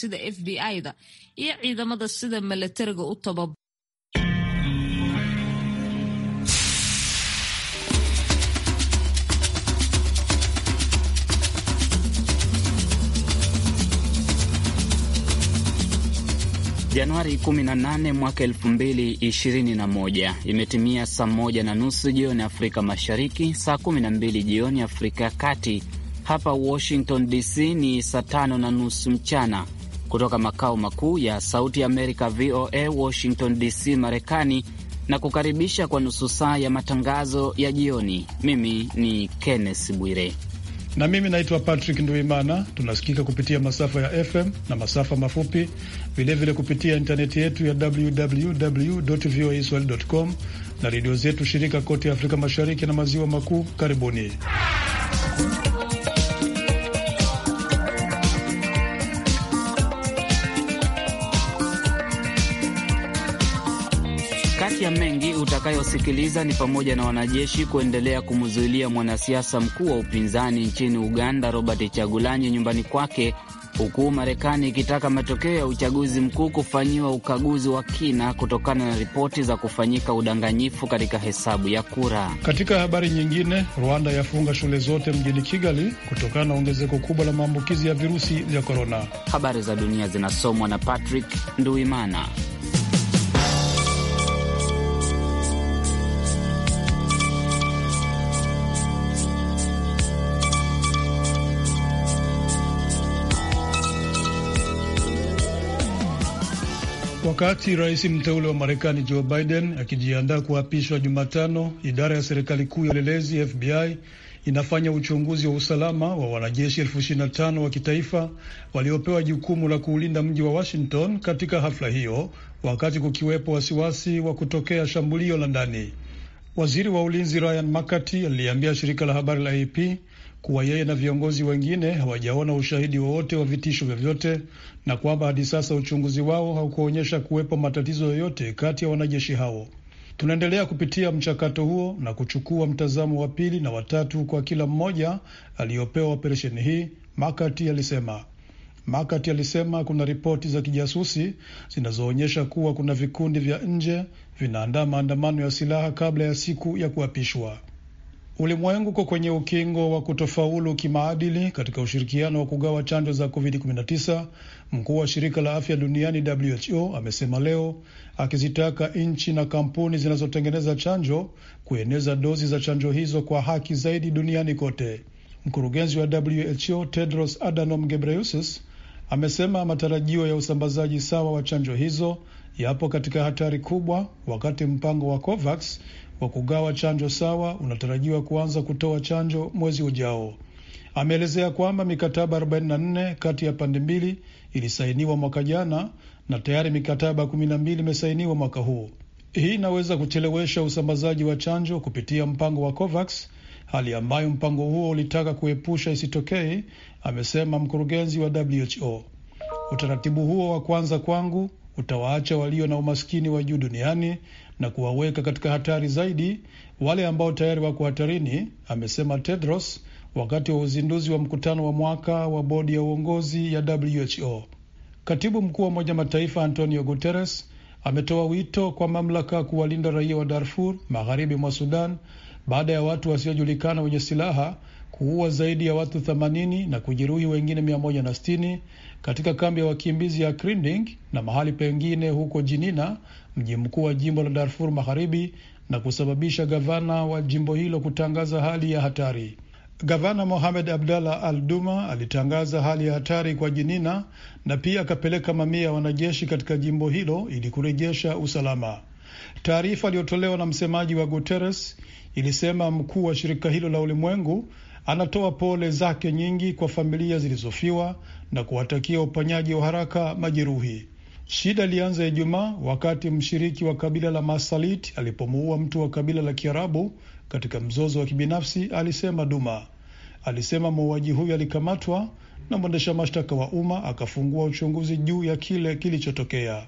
sida f b i-da iyo ciidamada sida milatariga u tababar Januari 18 mwaka 2021 imetimia saa moja na nusu jioni Afrika Mashariki, saa 12 jioni Afrika ya Kati. Hapa Washington DC ni saa tano na nusu mchana kutoka makao makuu ya Sauti Amerika VOA Washington DC, Marekani, na kukaribisha kwa nusu saa ya matangazo ya jioni. Mimi ni Kenneth Bwire na mimi naitwa Patrick Nduimana. Tunasikika kupitia masafa ya FM na masafa mafupi, vilevile kupitia intaneti yetu ya www voa com na redio zetu shirika kote Afrika Mashariki na Maziwa Makuu. Karibuni Kati ya mengi utakayosikiliza ni pamoja na wanajeshi kuendelea kumzuilia mwanasiasa mkuu wa upinzani nchini Uganda Robert Chagulanyi nyumbani kwake, huku Marekani ikitaka matokeo ya uchaguzi mkuu kufanyiwa ukaguzi wa kina kutokana na ripoti za kufanyika udanganyifu katika hesabu ya kura. Katika habari nyingine, Rwanda yafunga shule zote mjini Kigali kutokana na ongezeko kubwa la maambukizi ya virusi vya korona. Habari za dunia zinasomwa na Patrick Nduimana. Wakati rais mteule wa Marekani Joe Biden akijiandaa kuapishwa Jumatano, idara ya serikali kuu ya upelelezi FBI inafanya uchunguzi wa usalama wa wanajeshi elfu ishirini na tano wa kitaifa waliopewa jukumu la kuulinda mji wa Washington katika hafla hiyo, wakati kukiwepo wasiwasi wa kutokea shambulio la ndani. Waziri wa ulinzi Ryan McCarthy aliliambia shirika la habari la AP kuwa yeye na viongozi wengine hawajaona ushahidi wowote wa vitisho vyovyote na kwamba hadi sasa uchunguzi wao haukuonyesha kuwepo matatizo yoyote kati ya wanajeshi hao. Tunaendelea kupitia mchakato huo na kuchukua mtazamo wa pili na watatu kwa kila mmoja aliyopewa operesheni hii, Makati alisema. Makati alisema kuna ripoti za kijasusi zinazoonyesha kuwa kuna vikundi vya nje vinaandaa maandamano ya silaha kabla ya siku ya kuapishwa. Ulimwengu uko kwenye ukingo wa kutofaulu kimaadili katika ushirikiano wa kugawa chanjo za COVID-19, mkuu wa shirika la afya duniani WHO amesema leo, akizitaka nchi na kampuni zinazotengeneza chanjo kueneza dozi za chanjo hizo kwa haki zaidi duniani kote. Mkurugenzi wa WHO Tedros Adhanom Ghebreyesus amesema matarajio ya usambazaji sawa wa chanjo hizo yapo katika hatari kubwa, wakati mpango wa COVAX wa kugawa chanjo sawa unatarajiwa kuanza kutoa chanjo mwezi ujao. Ameelezea kwamba mikataba 44 kati ya pande mbili ilisainiwa mwaka jana na tayari mikataba 12 imesainiwa mwaka huu. Hii inaweza kuchelewesha usambazaji wa chanjo kupitia mpango wa COVAX, hali ambayo mpango huo ulitaka kuepusha isitokee, amesema mkurugenzi wa WHO. Utaratibu huo wa kwanza kwangu utawaacha walio na umaskini wa juu duniani na kuwaweka katika hatari zaidi wale ambao tayari wako hatarini, amesema Tedros wakati wa uzinduzi wa mkutano wa mwaka wa bodi ya uongozi ya WHO. Katibu mkuu wa Umoja Mataifa Antonio Guterres ametoa wito kwa mamlaka kuwalinda raia wa Darfur magharibi mwa Sudan baada ya watu wasiojulikana wenye silaha kuua zaidi ya watu 80 na kujeruhi wengine 160 katika kambi ya wakimbizi ya Krinding na mahali pengine huko Jinina, mji mkuu wa jimbo la Darfur Magharibi, na kusababisha gavana wa jimbo hilo kutangaza hali ya hatari. Gavana Mohamed Abdallah Al Duma alitangaza hali ya hatari kwa Jinina na pia akapeleka mamia ya wanajeshi katika jimbo hilo ili kurejesha usalama. Taarifa iliyotolewa na msemaji wa Guterres ilisema mkuu wa shirika hilo la ulimwengu anatoa pole zake nyingi kwa familia zilizofiwa na kuwatakia uponyaji wa haraka majeruhi. Shida ilianza Ijumaa wakati mshiriki wa kabila la Masalit alipomuua mtu wa kabila la Kiarabu katika mzozo wa kibinafsi, alisema Duma. Alisema muuaji huyo alikamatwa na mwendesha mashtaka wa umma akafungua uchunguzi juu ya kile kilichotokea.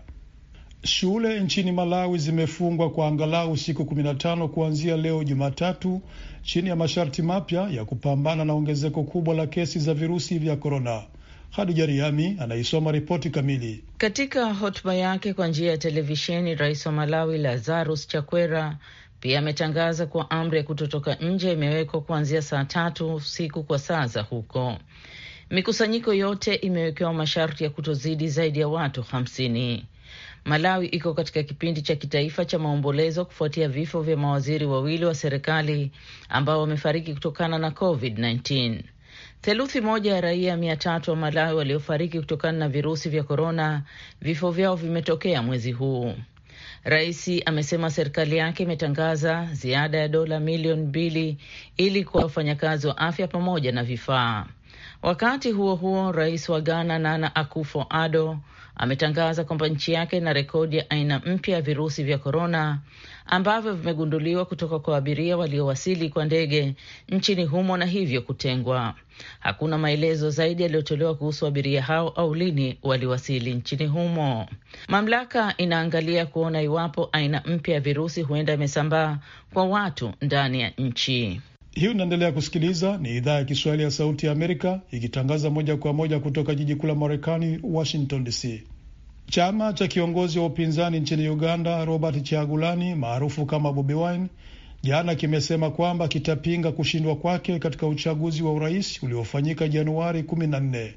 Shule nchini Malawi zimefungwa kwa angalau siku 15 kuanzia leo Jumatatu, chini ya masharti mapya ya kupambana na ongezeko kubwa la kesi za virusi vya korona. Hadija Riami anaisoma ripoti kamili. Katika hotuba yake kwa njia ya televisheni, rais wa Malawi Lazarus Chakwera pia ametangaza kuwa amri ya kutotoka nje imewekwa kuanzia saa tatu usiku kwa saa za huko. Mikusanyiko yote imewekewa masharti ya kutozidi zaidi ya watu hamsini. Malawi iko katika kipindi cha kitaifa cha maombolezo kufuatia vifo vya mawaziri wawili wa serikali ambao wamefariki kutokana na COVID-19. Theluthi moja ya raia mia tatu wa Malawi waliofariki kutokana na virusi vya korona, vifo vyao vimetokea mwezi huu. Rais amesema serikali yake imetangaza ziada ya dola milioni mbili ili kwa wafanyakazi wa afya pamoja na vifaa. Wakati huo huo, rais wa Ghana Nana akufo ado ametangaza kwamba nchi yake ina rekodi ya aina mpya ya virusi vya korona ambavyo vimegunduliwa kutoka kwa abiria waliowasili kwa ndege nchini humo na hivyo kutengwa. Hakuna maelezo zaidi yaliyotolewa kuhusu abiria hao au lini waliwasili nchini humo. Mamlaka inaangalia kuona iwapo aina mpya ya virusi huenda imesambaa kwa watu ndani ya nchi. Hii unaendelea kusikiliza ni idhaa ya Kiswahili ya Sauti ya Amerika ikitangaza moja kwa moja kutoka jiji kuu la Marekani, Washington DC. Chama cha kiongozi wa upinzani nchini Uganda Robert chiagulani maarufu kama Bobi Wine jana kimesema kwamba kitapinga kushindwa kwake katika uchaguzi wa urais uliofanyika Januari kumi na nne.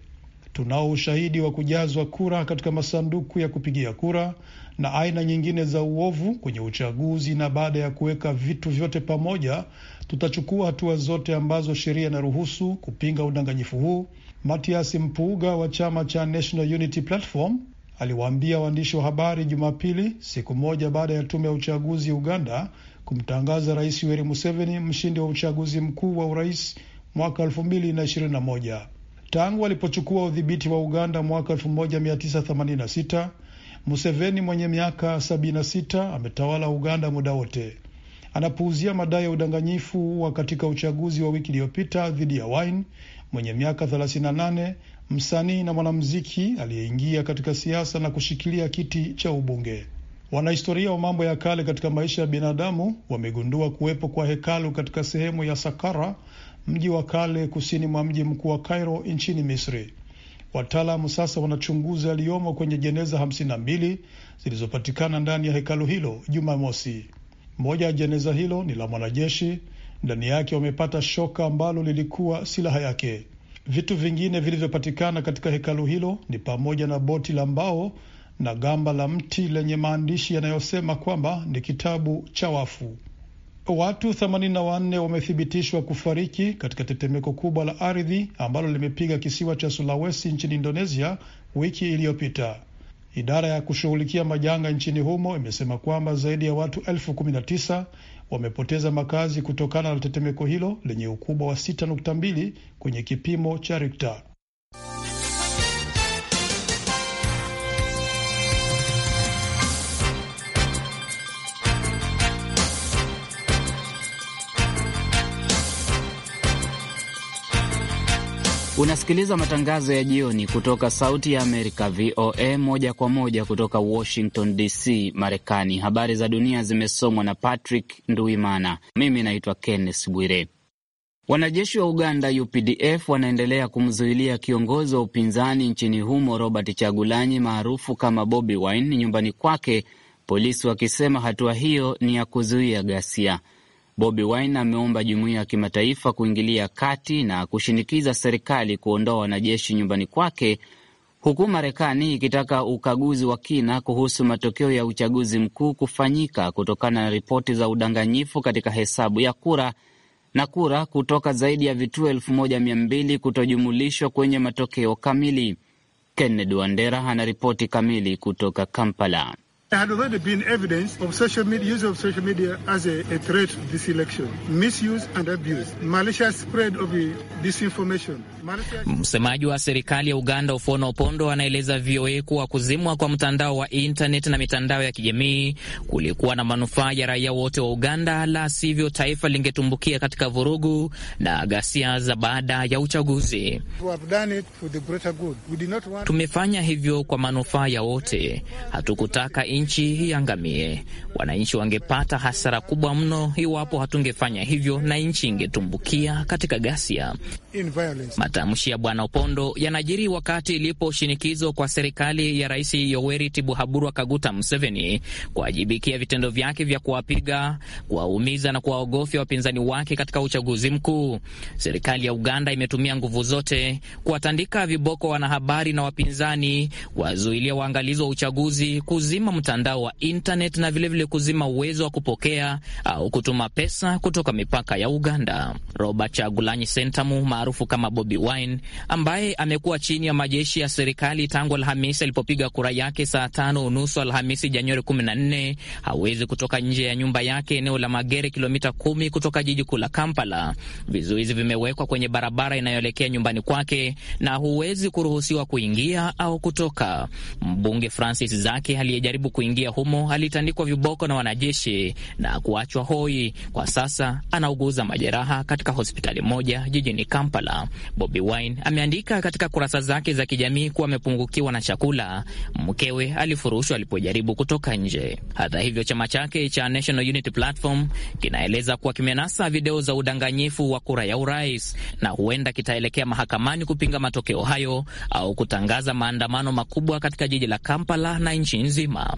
Tunao ushahidi wa kujazwa kura katika masanduku ya kupigia kura na aina nyingine za uovu kwenye uchaguzi, na baada ya kuweka vitu vyote pamoja, tutachukua hatua zote ambazo sheria inaruhusu kupinga udanganyifu huu, Matias Mpuuga wa chama cha National Unity Platform aliwaambia waandishi wa habari Jumapili, siku moja baada ya tume ya uchaguzi Uganda kumtangaza Rais Yoweri Museveni mshindi wa uchaguzi mkuu wa urais mwaka 2021. Tangu alipochukua udhibiti wa Uganda mwaka 1986 Museveni mwenye miaka 76 ametawala Uganda muda wote. Anapuuzia madai ya udanganyifu wa katika uchaguzi wa wiki iliyopita dhidi ya Wine mwenye miaka 38, msanii na mwanamuziki aliyeingia katika siasa na kushikilia kiti cha ubunge. Wanahistoria wa mambo ya kale katika maisha ya binadamu wamegundua kuwepo kwa hekalu katika sehemu ya Sakara mji wa kale kusini mwa mji mkuu wa Cairo nchini Misri. Wataalamu sasa wanachunguza yaliyomo kwenye jeneza 52 zilizopatikana ndani ya hekalu hilo Jumamosi. Moja ya jeneza hilo ni la mwanajeshi, ndani yake wamepata shoka ambalo lilikuwa silaha yake. Vitu vingine vilivyopatikana katika hekalu hilo ni pamoja na boti la mbao na gamba la mti lenye maandishi yanayosema kwamba ni kitabu cha wafu. Watu 84 wamethibitishwa kufariki katika tetemeko kubwa la ardhi ambalo limepiga kisiwa cha Sulawesi nchini Indonesia wiki iliyopita. Idara ya kushughulikia majanga nchini humo imesema kwamba zaidi ya watu elfu kumi na tisa wamepoteza makazi kutokana na tetemeko hilo lenye ukubwa wa 6.2 kwenye kipimo cha Richter. Unasikiliza matangazo ya jioni kutoka Sauti ya Amerika, VOA, moja kwa moja kutoka Washington DC, Marekani. Habari za dunia zimesomwa na Patrick Nduimana. Mimi naitwa Kenneth Bwire. Wanajeshi wa Uganda, UPDF, wanaendelea kumzuilia kiongozi wa upinzani nchini humo Robert Chagulanyi maarufu kama Bobi Wine nyumbani kwake, polisi wakisema hatua hiyo ni ya kuzuia ghasia. Bobi Wine ameomba jumuiya ya kimataifa kuingilia kati na kushinikiza serikali kuondoa wanajeshi nyumbani kwake, huku Marekani ikitaka ukaguzi wa kina kuhusu matokeo ya uchaguzi mkuu kufanyika kutokana na ripoti za udanganyifu katika hesabu ya kura na kura kutoka zaidi ya vituo elfu moja mia mbili kutojumulishwa kwenye matokeo kamili. Kennedy Wandera ana ripoti kamili kutoka Kampala had already been evidence of social media, use of social media as a, a threat to this election. Misuse and abuse. Malicious spread of disinformation. Malicious... Msemaji wa serikali ya Uganda Ofuono Opondo anaeleza VOA kuwa kuzimwa kwa mtandao wa internet na mitandao ya kijamii kulikuwa na manufaa ya raia wote wa Uganda, la sivyo taifa lingetumbukia katika vurugu na ghasia za baada ya uchaguzi. Tumefanya hivyo kwa manufaa ya wote, hatukutaka in nchi iangamie. Wananchi wangepata hasara kubwa mno iwapo hatungefanya hivyo, na nchi ingetumbukia katika ghasia. Matamshi ya Bwana Opondo yanajiri wakati ilipo shinikizo kwa serikali ya Rais Yoweri Tibuhaburwa Kaguta Museveni kuwajibikia vitendo vyake vya kuwapiga, kuwaumiza na kuwaogofya wapinzani wake katika uchaguzi mkuu. Serikali ya Uganda imetumia nguvu zote kuwatandika viboko wanahabari na wapinzani, kuwazuilia waangalizi wa uchaguzi, kuzima mta mtandao wa internet na vilevile vile kuzima uwezo wa kupokea uh, au kutuma pesa kutoka mipaka ya Uganda. Robert Chagulanyi Sentamu maarufu kama Bobi Wine, ambaye amekuwa chini ya majeshi ya serikali tangu Alhamisi alipopiga kura yake saa tano unusu Alhamisi Januari 14, hawezi kutoka nje ya nyumba yake eneo la Magere, kilomita kumi kutoka jiji kuu la Kampala. Vizuizi vimewekwa kwenye barabara inayoelekea nyumbani kwake na huwezi kuruhusiwa kuingia au kutoka. Mbunge Francis Zake aliyejaribu kuingia humo alitandikwa viboko na wanajeshi na kuachwa hoi. Kwa sasa anauguza majeraha katika hospitali moja jijini Kampala. Bobi Wine ameandika katika kurasa zake za kijamii kuwa amepungukiwa na chakula. Mkewe alifurushwa alipojaribu kutoka nje. Hata hivyo, chama chake cha National Unity Platform kinaeleza kuwa kimenasa video za udanganyifu wa kura ya urais na huenda kitaelekea mahakamani kupinga matokeo hayo au kutangaza maandamano makubwa katika jiji la Kampala na nchi nzima.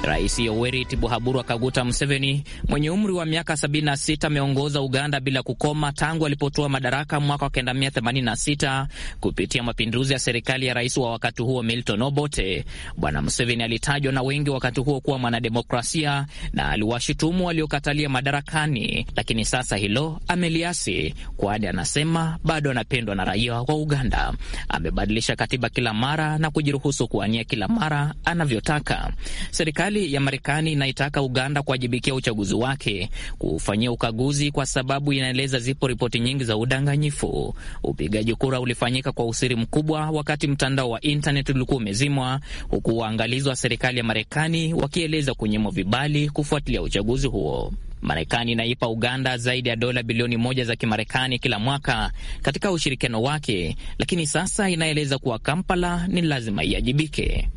Rais Yoweri Tibuhaburwa Kaguta Museveni mwenye umri wa miaka 76 ameongoza Uganda bila kukoma tangu alipotoa madaraka mwaka wa 1986 kupitia mapinduzi ya serikali ya rais wa wakati huo Milton Obote. Bwana Museveni alitajwa na wengi wakati huo kuwa mwanademokrasia na aliwashutumu waliokatalia madarakani, lakini sasa hilo ameliasi, kwani anasema bado anapendwa na raia wa Uganda. Amebadilisha katiba kila mara na kujiruhusu kuania kila mara anavyotaka serikali Serikali ya Marekani inaitaka Uganda kuwajibikia uchaguzi wake, kuufanyia ukaguzi, kwa sababu inaeleza zipo ripoti nyingi za udanganyifu. Upigaji kura ulifanyika kwa usiri mkubwa, wakati mtandao wa intnet ulikuwa umezimwa, huku waangalizi wa serikali ya Marekani wakieleza kunyimwa vibali kufuatilia uchaguzi huo. Marekani inaipa Uganda zaidi ya dola bilioni moja za Kimarekani kila mwaka katika ushirikiano wake, lakini sasa inaeleza kuwa Kampala ni lazima iajibike.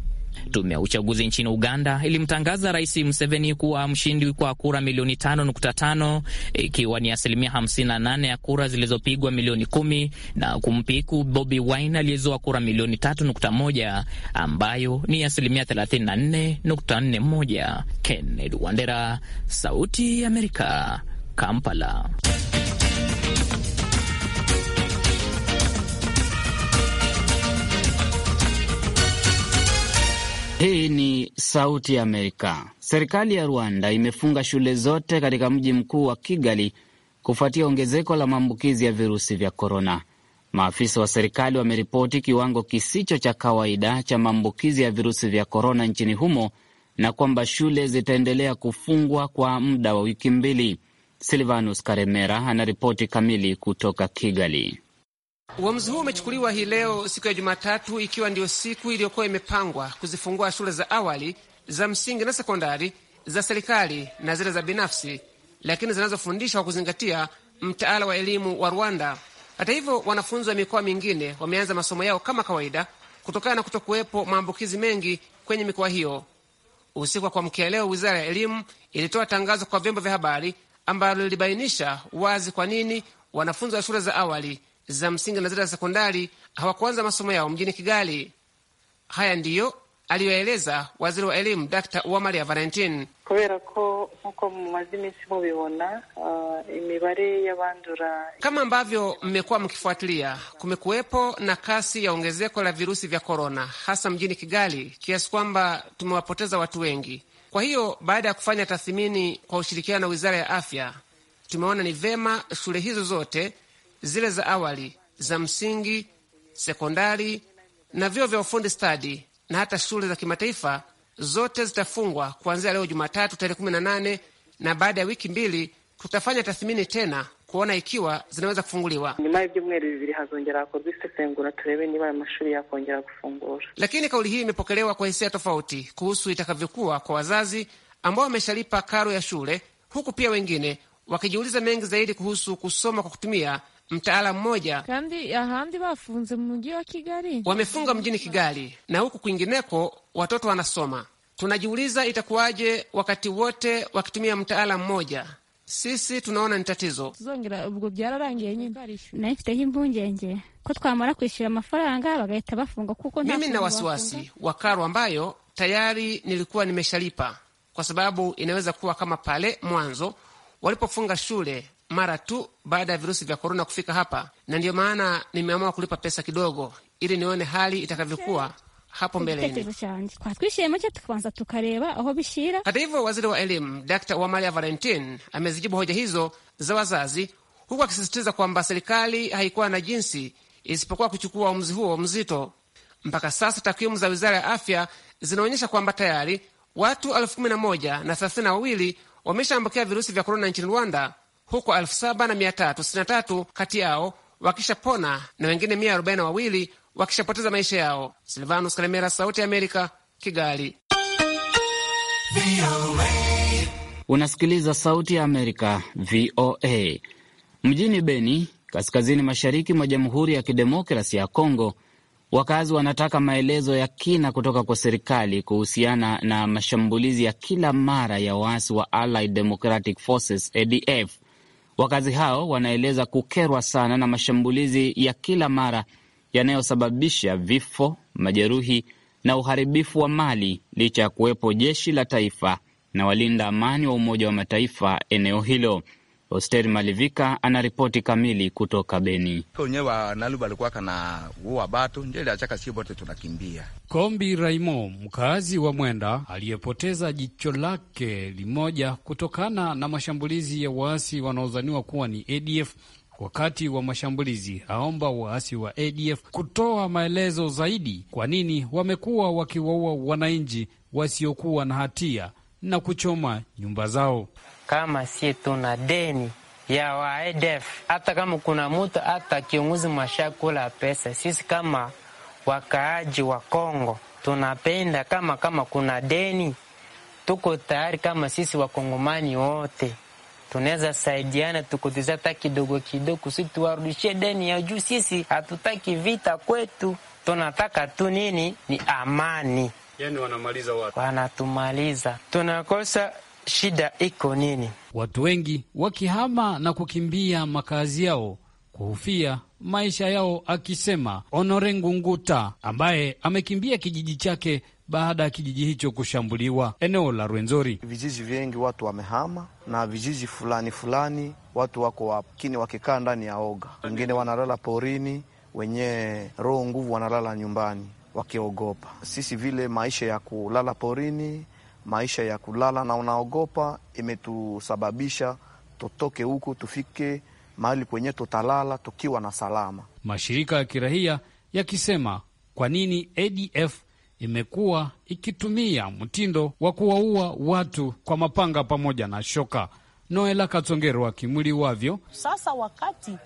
Tume ya uchaguzi nchini Uganda ilimtangaza Rais Museveni kuwa mshindi kwa kura milioni 5.5 ikiwa ni asilimia 58 ya kura zilizopigwa milioni kumi na kumpiku Bobi Wine aliyezoa kura milioni 3.1 ambayo ni asilimia 34.41. Kennedy Wandera, Sauti ya Amerika, Kampala. Hii ni Sauti ya Amerika. Serikali ya Rwanda imefunga shule zote katika mji mkuu wa Kigali kufuatia ongezeko la maambukizi ya virusi vya korona. Maafisa wa serikali wameripoti kiwango kisicho cha kawaida cha maambukizi ya virusi vya korona nchini humo na kwamba shule zitaendelea kufungwa kwa muda wa wiki mbili. Silvanus Karemera anaripoti kamili kutoka Kigali. Uamuzi huu umechukuliwa hii leo siku ya Jumatatu, ikiwa ndiyo siku iliyokuwa imepangwa kuzifungua shule za awali za msingi na sekondari za serikali na zile za binafsi, lakini zinazofundisha kwa kuzingatia mtaala wa elimu wa Rwanda. Hata hivyo, wanafunzi wa mikoa mingine wameanza masomo yao kama kawaida kutokana na kutokuwepo maambukizi mengi kwenye mikoa hiyo. Usiku wa kuamkia leo, wizara ya elimu ilitoa tangazo kwa vyombo vya habari ambalo lilibainisha wazi kwa nini wanafunzi wa shule za awali za msingi na zile za sekondari hawakuanza masomo yao mjini Kigali. Haya ndiyo aliyoeleza waziri wa elimu Dr Uwamariya Valentine kubera ko nkuko mumaze iminsi mubibona uh, imibare y'abandura. Kama ambavyo mmekuwa mkifuatilia, kumekuwepo na kasi ya ongezeko la virusi vya korona, hasa mjini Kigali, kiasi kwamba tumewapoteza watu wengi. Kwa hiyo baada ya kufanya tathmini kwa ushirikiano na wizara ya afya, tumeona ni vema shule hizo zote zile za awali za msingi, sekondari na vyuo vya ufundi stadi na hata shule za kimataifa zote zitafungwa kuanzia leo Jumatatu tarehe 18 na baada ya wiki mbili tutafanya tathmini tena kuona ikiwa zinaweza kufunguliwa. Lakini kauli hii imepokelewa kwa hisia tofauti kuhusu itakavyokuwa kwa wazazi ambao wameshalipa karo ya shule, huku pia wengine wakijiuliza mengi zaidi kuhusu kusoma kwa kutumia mtaalamu mmoja wamefunga mjini Kigali na huku kwingineko watoto wanasoma. Tunajiuliza itakuwaje wakati wote wakitumia mtaala mmoja? Sisi tunaona ni tatizo. Mimi na wasiwasi wa karo ambayo tayari nilikuwa nimeshalipa, kwa sababu inaweza kuwa kama pale mwanzo walipofunga shule mara tu baada ya virusi vya korona kufika hapa, na ndiyo maana nimeamua kulipa pesa kidogo ili nione hali itakavyokuwa hapo mbeleni. Hata hivyo, waziri wa elimu Dr Wamalia Valentin amezijibu hoja hizo za wazazi, huku akisisitiza kwamba serikali haikuwa na jinsi isipokuwa kuchukua uamuzi huo mzito. Mpaka sasa takwimu za wizara ya afya zinaonyesha kwamba tayari watu elfu kumi na moja na thelathini na wawili wameshaambukia virusi vya korona nchini Rwanda, huku 7363 kati yao wakishapona na wengine mia wawili wakishapoteza maisha yao. Silvanus Kalemera, Sauti ya Amerika, Kigali. Unasikiliza Sauti ya Amerika, VOA. Mjini Beni, kaskazini mashariki mwa Jamhuri ya Kidemokrasi ya Kongo, wakazi wanataka maelezo ya kina kutoka kwa serikali kuhusiana na mashambulizi ya kila mara ya waasi wa Allied Democratic Forces, ADF Wakazi hao wanaeleza kukerwa sana na mashambulizi ya kila mara yanayosababisha vifo, majeruhi na uharibifu wa mali licha ya kuwepo jeshi la taifa na walinda amani wa Umoja wa Mataifa eneo hilo. Oster Malivika anaripoti kamili kutoka Beni. wenyewe wanaluba uwa batu sio bote tunakimbia. Kombi Raimo, mkaazi wa Mwenda aliyepoteza jicho lake limoja kutokana na mashambulizi ya waasi wanaodhaniwa kuwa ni ADF wakati wa mashambulizi, aomba waasi wa ADF kutoa maelezo zaidi, kwa nini wamekuwa wakiwaua wananchi wasiokuwa na hatia na kuchoma nyumba zao. Kama sie tuna deni ya waedef, hata kama kuna mutu hata kiongozi mashakula pesa, sisi kama wakaaji wa Kongo tunapenda kama kama kuna deni, tuko tayari kama sisi wakongomani wote tunaweza saidiana, tukutiza hata kidogo kidogo, kusi tuwarudishie deni ya juu. Sisi hatutaki vita kwetu, tunataka tu nini? Ni amani. Yani wanamaliza watu, wanatumaliza. Tunakosa shida iko nini? Watu wengi wakihama na kukimbia makazi yao kuhufia maisha yao, akisema Honore Ngunguta ambaye amekimbia kijiji chake baada ya kijiji hicho kushambuliwa eneo la Rwenzori. Vijiji vingi watu wamehama, na vijiji fulani fulani watu wako wakini, wakikaa ndani ya oga, wengine wanalala porini, wenye roho nguvu wanalala nyumbani wakiogopa. Sisi vile maisha ya kulala porini, maisha ya kulala na unaogopa, imetusababisha tutoke huku tufike mahali kwenye tutalala tukiwa na salama. Mashirika ya kirahia yakisema kwa nini ADF imekuwa ikitumia mtindo wa kuwaua watu kwa mapanga pamoja na shoka. Noela Katongero akimwili wavyo sasa, wakati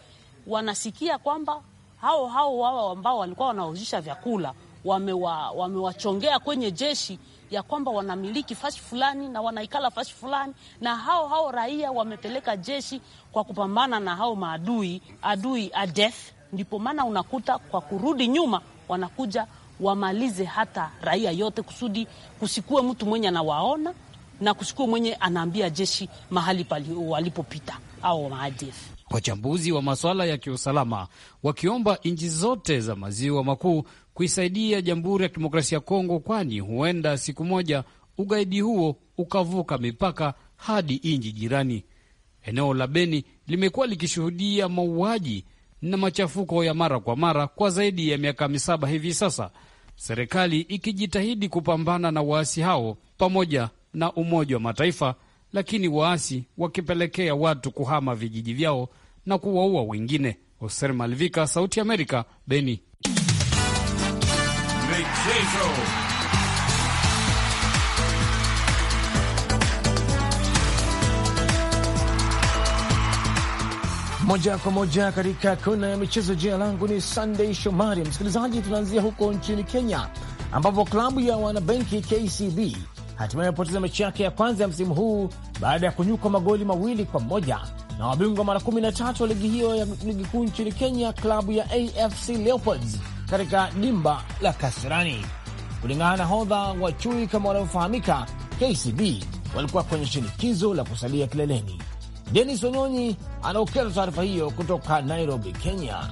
wanasikia kwamba hao hao wao ambao walikuwa wanauzisha vyakula wamewachongea wame kwenye jeshi ya kwamba wanamiliki fashi fulani na wanaikala fashi fulani, na hao hao raia wamepeleka jeshi kwa kupambana na hao maadui adui ADF. Ndipo maana unakuta kwa kurudi nyuma wanakuja wamalize hata raia yote, kusudi kusikue mtu mwenye anawaona na kusikue mwenye anaambia jeshi mahali walipopita au maadf wachambuzi wa masuala ya kiusalama wakiomba nchi zote za maziwa makuu kuisaidia Jamhuri ya Kidemokrasia ya Kongo, kwani huenda siku moja ugaidi huo ukavuka mipaka hadi nchi jirani. Eneo la Beni limekuwa likishuhudia mauaji na machafuko ya mara kwa mara kwa zaidi ya miaka misaba hivi sasa, serikali ikijitahidi kupambana na waasi hao pamoja na Umoja wa Mataifa lakini waasi wakipelekea watu kuhama vijiji vyao na kuwaua wengine. Hoser Malvika, Sauti Amerika, Beni. Michezo. Moja kwa moja katika kona ya michezo. Jina langu ni Sunday Shomari. Msikilizaji, tunaanzia huko nchini Kenya ambapo klabu ya wanabenki KCB hatimaye amepoteza mechi yake ya kwanza ya msimu huu baada ya kunyuka magoli mawili kwa moja na wabingwa mara 13 wa ligi hiyo ya ligi kuu nchini Kenya, klabu ya AFC Leopards katika dimba la Kasirani. Kulingana na hodha wa chui kama wanavyofahamika, KCB walikuwa kwenye shinikizo la kusalia kileleni. Denis Onyonyi anaokeza taarifa hiyo kutoka Nairobi, Kenya.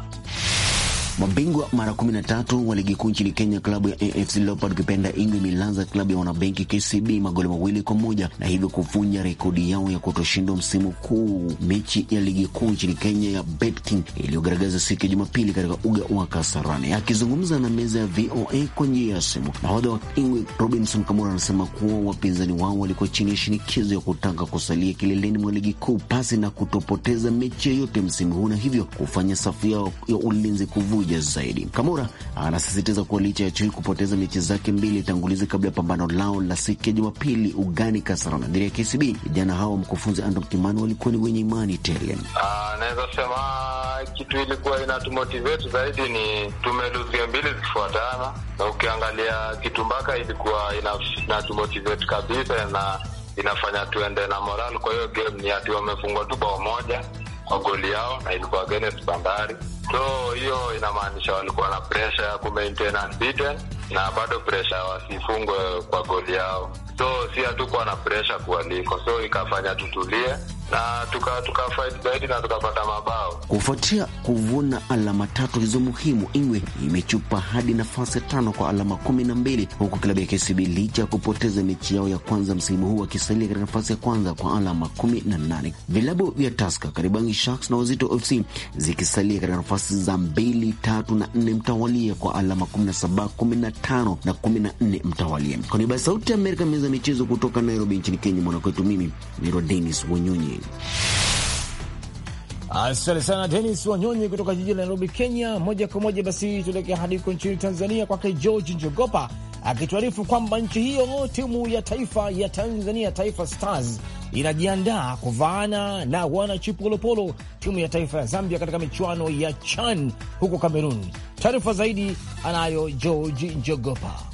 Mabingwa mara 13 wa ligi kuu nchini Kenya, klabu ya AFC Leopard ukipenda Ingwe milanza klabu ya wanabenki KCB magoli mawili kwa moja na hivyo kuvunja rekodi yao ya kutoshindwa msimu kuu mechi ya ligi kuu nchini Kenya ya BetKing iliyogaragaza siku ya Jumapili katika uga wa Kasarani. Akizungumza na meza ya VOA kwa njia ya simu, nahodha wa Ingwe Robinson Kamura anasema kuwa wapinzani wao walikuwa chini ya shinikizo ya kutaka kusalia kileleni mwa ligi kuu pasi na kutopoteza mechi yoyote msimu huu na hivyo kufanya safu yao ya ulinzi kuvuja kuja zaidi. Kamura anasisitiza kuwa licha ya Chui kupoteza mechi zake mbili tangulizi kabla ya pambano lao la siku ya Jumapili ugani Kasarani dhidi ya KCB, vijana hao mkufunzi Anton Kimani walikuwa ni wenye imani tele. Ah, naweza sema kitu ilikuwa inatumotivate zaidi ni tumeluzia mbili zikifuatana, na ukiangalia kitumbaka ilikuwa inatumotivate kabisa na inafanya tuende na moral. Kwa hiyo game ni ati wamefungwa tu bao moja kwa goli yao, na ilikuwa against Bandari So hiyo inamaanisha walikuwa na presha ya kumaintain unbeaten na bado presha wasifungwe kwa goli yao, so si hatukuwa na presha kualiko so ikafanya tutulie na tukafight zaidi na tukapata mabao. Kufuatia kuvuna alama tatu hizo muhimu, Ingwe imechupa hadi nafasi tano kwa alama kumi na mbili huku klabu ya KCB licha ya kupoteza mechi yao ya kwanza msimu huu wakisalia katika nafasi ya kwanza kwa alama kumi na nane. Vilabu vya Taska, Karibangi Sharks na Wazito FC zikisalia katika nafasi za mbili, tatu na nne mtawalia kwa alama kumi na saba, kumi na tano na kumi na nne mtawalia. Kwa niaba ya Sauti ya Amerika, meza michezo kutoka Nairobi nchini Kenya, mwanakwetu mimi Niro Denis Wanyonyi. Asante sana Denis Wanyonyi kutoka jiji la Nairobi, Kenya. Moja kwa moja basi tuelekea hadi huko nchini Tanzania, kwake George Njogopa akituarifu kwamba nchi hiyo, timu ya taifa ya Tanzania, Taifa Stars, inajiandaa kuvaana na wanachipolopolo, timu ya taifa ya Zambia, katika michuano ya CHAN huko kamerun Taarifa zaidi anayo George Njogopa.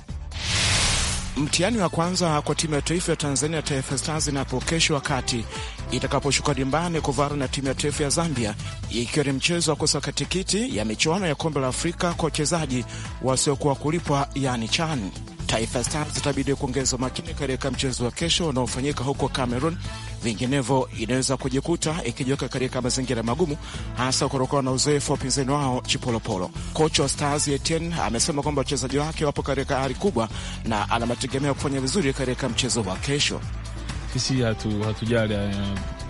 Mtihani wa kwanza kwa timu ya taifa ya Tanzania, Taifa Stars, inapokeshwa wakati itakaposhuka dimbani kuvara na timu ya taifa ya Zambia, ikiwa ni mchezo wa kusaka tikiti ya michuano ya kombe la Afrika kwa wachezaji wasiokuwa kulipwa, yani CHAN. Taifa Stars itabidi kuongeza makini katika mchezo wa kesho unaofanyika huko Cameroon vinginevyo inaweza kujikuta ikijiweka katika mazingira magumu, hasa kutokana na uzoefu wa upinzani wao Chipolopolo. Kocha wa Stars Etienne amesema kwamba wachezaji wake wapo katika hali kubwa na anamategemea kufanya vizuri katika mchezo wa kesho. Sisi hatu, hatujali eh,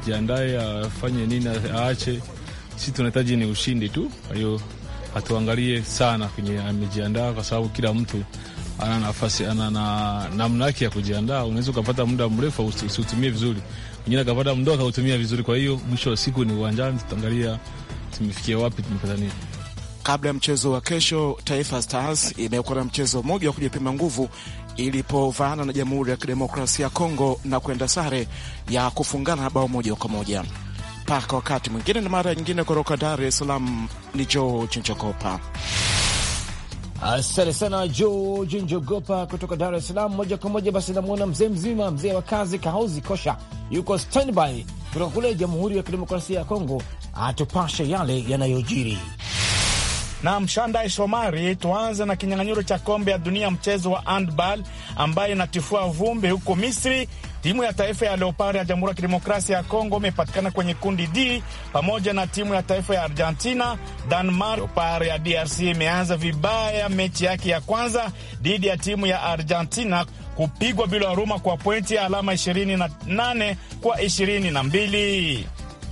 jiandae afanye nini aache, sisi tunahitaji ni ushindi tu. Kwa hiyo hatuangalie sana kwenye amejiandaa, kwa sababu kila mtu ana nafasi, ana namna yake ya kujiandaa. Unaweza ukapata muda mrefu usiutumie vizuri, wengine akapata mdoo akautumia vizuri. Kwa hiyo mwisho wa siku ni uwanjani, tutaangalia tumefikia wapi, tumepata nini. Kabla ya mchezo wa kesho, Taifa Stars imekuwa na mchezo mmoja wa kujipima nguvu ilipovaana na Jamhuri ya Kidemokrasia ya Kongo na kwenda sare ya kufungana bao moja kwa moja. Mpaka wakati mwingine na mara nyingine, kutoka Dar es Salaam ni George Chinchokopa. Asante sana George Njogopa kutoka Dar es Salaam moja kwa moja. Basi namwona mzee mzima, mzee wa kazi, Kahozi Kosha yuko standby kutoka kule Jamhuri ya Kidemokrasia ya Kongo, atupashe yale yanayojiri na Mshandai Shomari. Tuanze na kinyang'anyiro cha kombe ya dunia mchezo wa handball ambayo inatifua vumbi huko Misri Timu ya taifa ya Leopard ya Jamhuri ya Kidemokrasia ya Kongo imepatikana kwenye kundi D pamoja na timu ya taifa ya Argentina, Denmark. Leopard ya DRC imeanza vibaya mechi yake ya kwanza dhidi ya timu ya Argentina kupigwa bila huruma kwa pointi ya alama 28 kwa 22.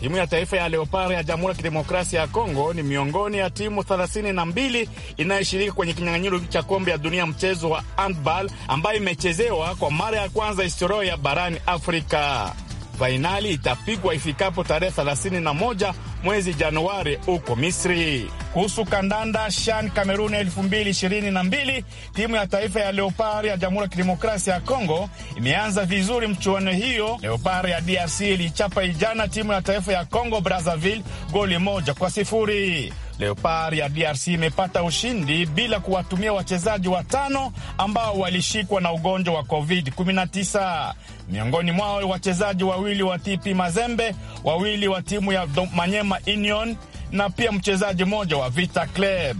Timu ya taifa ya Leopard ya Jamhuri ya Kidemokrasia ya Kongo ni miongoni ya timu 32 inayoshiriki kwenye kinyang'anyiro cha kombe ya dunia mchezo wa handball ambayo imechezewa kwa mara ya kwanza historia ya barani Afrika. Fainali itapigwa ifikapo tarehe 31 mwezi Januari huko Misri. Kuhusu kandanda Shan Kamerun 2022 timu ya taifa ya leopar ya Jamhuri ya Kidemokrasia ya Kongo imeanza vizuri mchuano hiyo. leopar ya DRC ilichapa ijana timu ya taifa ya Kongo Brazzaville goli moja kwa sifuri. Leopard ya DRC imepata ushindi bila kuwatumia wachezaji watano ambao walishikwa na ugonjwa wa COVID-19. Miongoni mwao wachezaji wawili wa TP Mazembe, wawili wa timu ya Manyema Union na pia mchezaji mmoja wa Vita Club.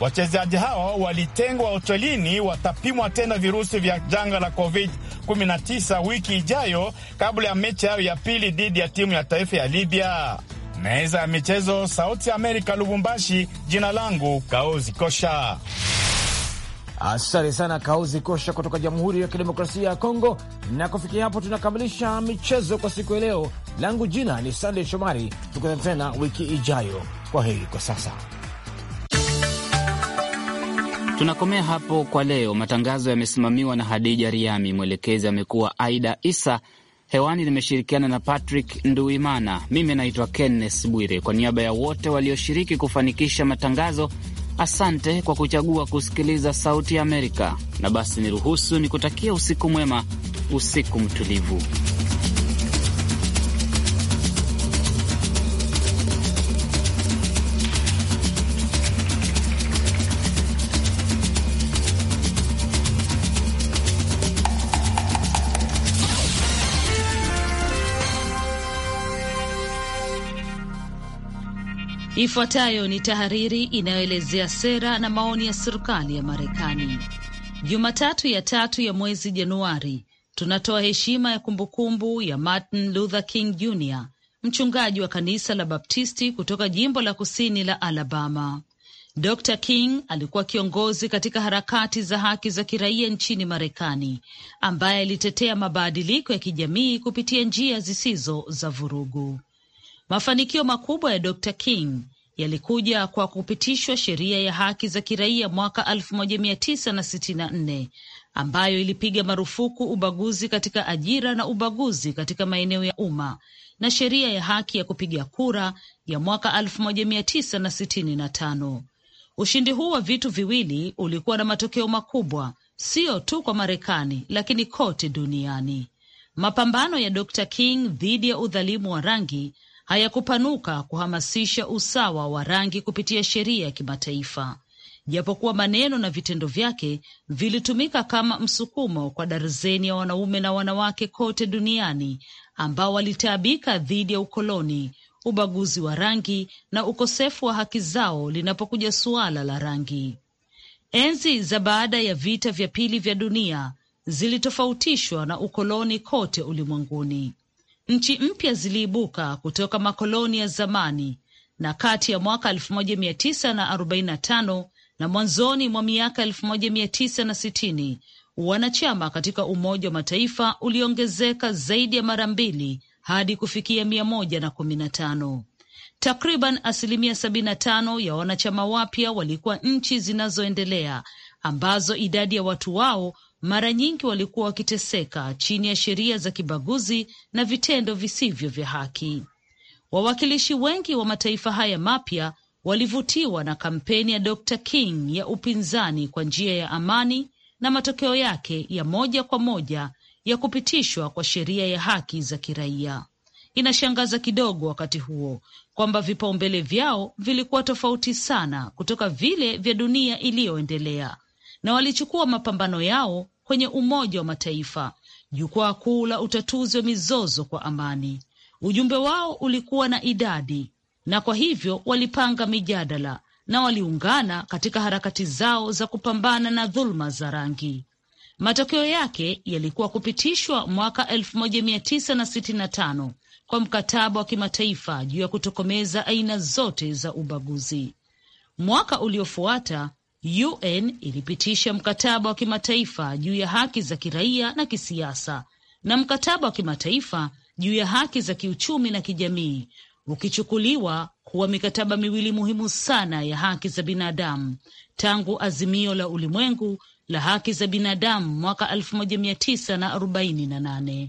Wachezaji hao walitengwa hotelini, watapimwa tena virusi vya janga la COVID-19 wiki ijayo kabla ya mechi yao ya pili dhidi ya timu ya taifa ya Libya. Meza ya michezo, Sauti ya Amerika, Lubumbashi. Jina langu Kaozi Kosha. Asante sana Kaozi Kosha kutoka Jamhuri ya Kidemokrasia ya Kongo. Na kufikia hapo, tunakamilisha michezo kwa siku ya leo. Langu jina ni Sandey Shomari, tukutane tena wiki ijayo. Kwa heri kwa sasa. Tunakomea hapo kwa leo. Matangazo yamesimamiwa na Hadija Riami, mwelekezi amekuwa Aida Isa. Hewani nimeshirikiana na Patrick Nduimana. Mimi naitwa Kennes Bwire. Kwa niaba ya wote walioshiriki kufanikisha matangazo, asante kwa kuchagua kusikiliza Sauti ya Amerika. Na basi niruhusu nikutakia usiku mwema, usiku mtulivu. Ifuatayo ni tahariri inayoelezea sera na maoni ya serikali ya Marekani. Jumatatu ya tatu ya mwezi Januari tunatoa heshima ya kumbukumbu ya Martin Luther King Jr, mchungaji wa kanisa la Baptisti kutoka jimbo la kusini la Alabama. Dr King alikuwa kiongozi katika harakati za haki za kiraia nchini Marekani, ambaye alitetea mabadiliko ya kijamii kupitia njia zisizo za vurugu. Mafanikio makubwa ya Dr King yalikuja kwa kupitishwa sheria ya haki za kiraia mwaka 1964 ambayo ilipiga marufuku ubaguzi katika ajira na ubaguzi katika maeneo ya umma na sheria ya haki ya kupiga kura ya mwaka 1965. Ushindi huu wa vitu viwili ulikuwa na matokeo makubwa sio tu kwa Marekani lakini kote duniani. Mapambano ya Dr. King dhidi ya udhalimu wa rangi hayakupanuka kuhamasisha usawa wa rangi kupitia sheria ya kimataifa, japokuwa maneno na vitendo vyake vilitumika kama msukumo kwa darzeni ya wanaume na wanawake kote duniani ambao walitaabika dhidi ya ukoloni, ubaguzi wa rangi na ukosefu wa haki zao linapokuja suala la rangi. Enzi za baada ya vita vya pili vya dunia zilitofautishwa na ukoloni kote ulimwenguni. Nchi mpya ziliibuka kutoka makoloni ya zamani, na kati ya mwaka 1945 na mwanzoni mwa miaka 1960 wanachama katika Umoja wa Mataifa uliongezeka zaidi ya mara mbili hadi kufikia mia moja na kumi na tano. Takriban asilimia 75 na tano ya wanachama wapya walikuwa nchi zinazoendelea ambazo idadi ya watu wao mara nyingi walikuwa wakiteseka chini ya sheria za kibaguzi na vitendo visivyo vya haki. Wawakilishi wengi wa mataifa haya mapya walivutiwa na kampeni ya Dr. King ya upinzani kwa njia ya amani na matokeo yake ya moja kwa moja ya kupitishwa kwa sheria ya haki za kiraia. Inashangaza kidogo wakati huo kwamba vipaumbele vyao vilikuwa tofauti sana kutoka vile vya dunia iliyoendelea, na walichukua mapambano yao kwenye Umoja wa Mataifa, jukwaa kuu la utatuzi wa mizozo kwa amani. Ujumbe wao ulikuwa na idadi, na kwa hivyo walipanga mijadala na waliungana katika harakati zao za kupambana na dhuluma za rangi. Matokeo yake yalikuwa kupitishwa mwaka 1965 kwa mkataba wa kimataifa juu ya kutokomeza aina zote za ubaguzi. Mwaka uliofuata UN ilipitisha mkataba wa kimataifa juu ya haki za kiraia na kisiasa na mkataba wa kimataifa juu ya haki za kiuchumi na kijamii, ukichukuliwa kuwa mikataba miwili muhimu sana ya haki za binadamu tangu azimio la ulimwengu la haki za binadamu mwaka 1948.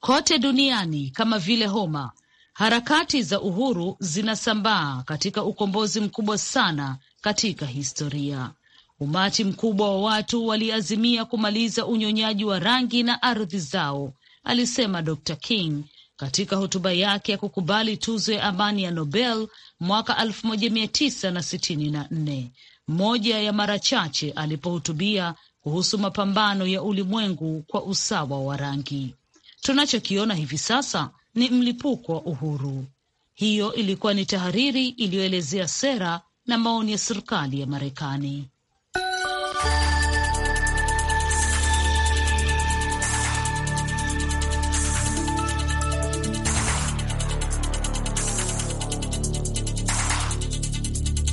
Kote duniani kama vile Homa, harakati za uhuru zinasambaa katika ukombozi mkubwa sana katika historia. Umati mkubwa wa watu waliazimia kumaliza unyonyaji wa rangi na ardhi zao, alisema Dr King katika hotuba yake ya kukubali tuzo ya amani ya Nobel mwaka 1964 moja ya mara chache alipohutubia kuhusu mapambano ya ulimwengu kwa usawa wa rangi. Tunachokiona hivi sasa ni mlipuko wa uhuru. Hiyo ilikuwa ni tahariri iliyoelezea sera na maoni ya serikali ya Marekani.